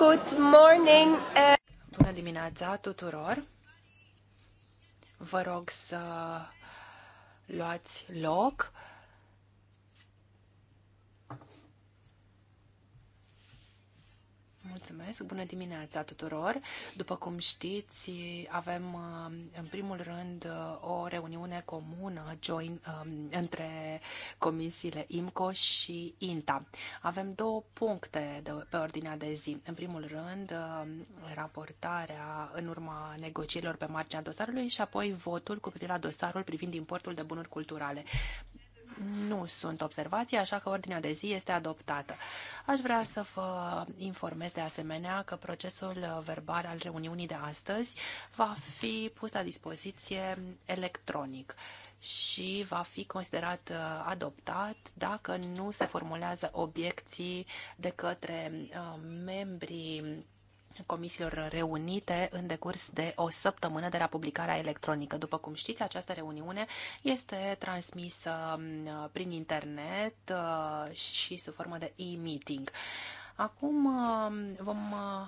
Good morning. Uh, Bună dimineața tuturor. Vă rog să luați loc. Mulțumesc, bună dimineața tuturor! După cum știți, avem uh, în primul rând uh, o reuniune comună join, um, între comisiile IMCO și INTA. Avem două puncte de, pe ordinea de zi. În primul rând, um, raportarea în urma negocierilor pe marginea dosarului și apoi votul cu privire la dosarul privind importul de bunuri culturale. Nu sunt observații, așa că ordinea de zi este adoptată. Aș vrea să vă informez de asemenea că procesul verbal al reuniunii de astăzi va fi pus la dispoziție electronic și va fi considerat uh, adoptat dacă nu se formulează obiecții de către uh, membrii Comisiilor reunite în decurs de o săptămână de la publicarea electronică. După cum știți, această reuniune este transmisă mm, prin internet uh, și sub formă de e-meeting. Acum mm, vom uh,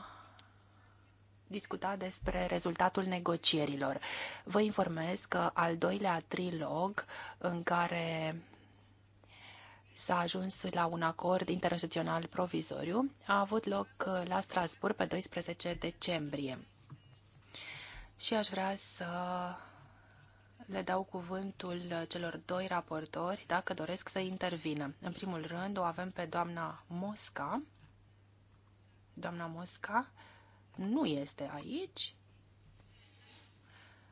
discuta despre rezultatul negocierilor. Vă informez că al doilea trilog în care s-a ajuns la un acord internațional provizoriu. A avut loc uh, la Strasburg pe 12 decembrie. Și aș vrea să le dau cuvântul uh, celor doi raportori dacă doresc să intervină. În primul rând o avem pe doamna Mosca. Doamna Mosca nu este aici.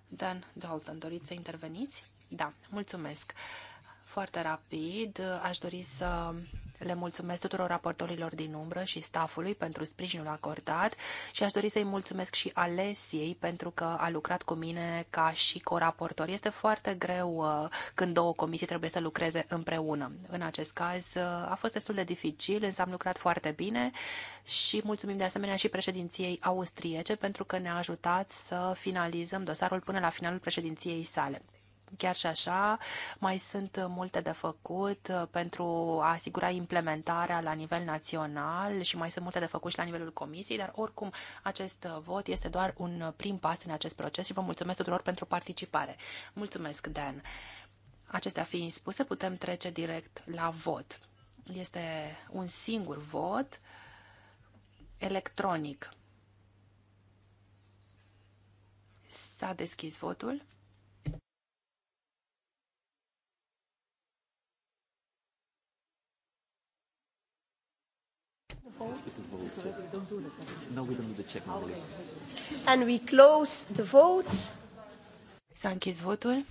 Dan Dalton, doriți să interveniți? Da, mulțumesc. Uh, foarte rapid, aș dori să le mulțumesc tuturor raportorilor din umbră și stafului pentru sprijinul acordat și aș dori să-i mulțumesc și Alesiei pentru că a lucrat cu mine ca și coraportor. Este foarte greu uh, când două comisii trebuie să lucreze împreună. În acest caz uh, a fost destul de dificil, însă am lucrat foarte bine și mulțumim de asemenea și președinției austriece pentru că ne-a ajutat să finalizăm dosarul până la finalul președinției sale. Chiar și așa, mai sunt multe de făcut uh, pentru a asigura implementarea la nivel național și mai sunt multe de făcut și la nivelul comisiei, dar oricum acest uh, vot este doar un uh, prim pas în acest proces și vă mulțumesc tuturor pentru participare. Mulțumesc, Dan. Acestea fiind spuse, putem trece direct la vot. Este un singur vot electronic. S-a deschis votul. And we close the vote. S-a închis votul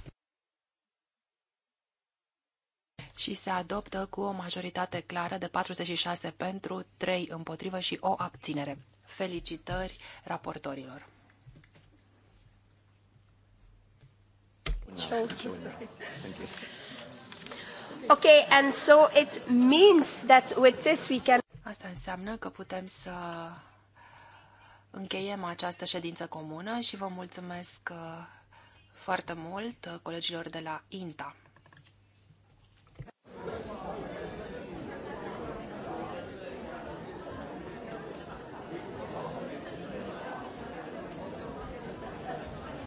și se adoptă cu o majoritate clară de 46 pentru, 3 împotrivă și o abținere. Felicitări raportorilor! Okay, and so it means that with this we can Asta înseamnă că putem să încheiem această ședință comună și vă mulțumesc uh, foarte mult uh, colegilor de la INTA.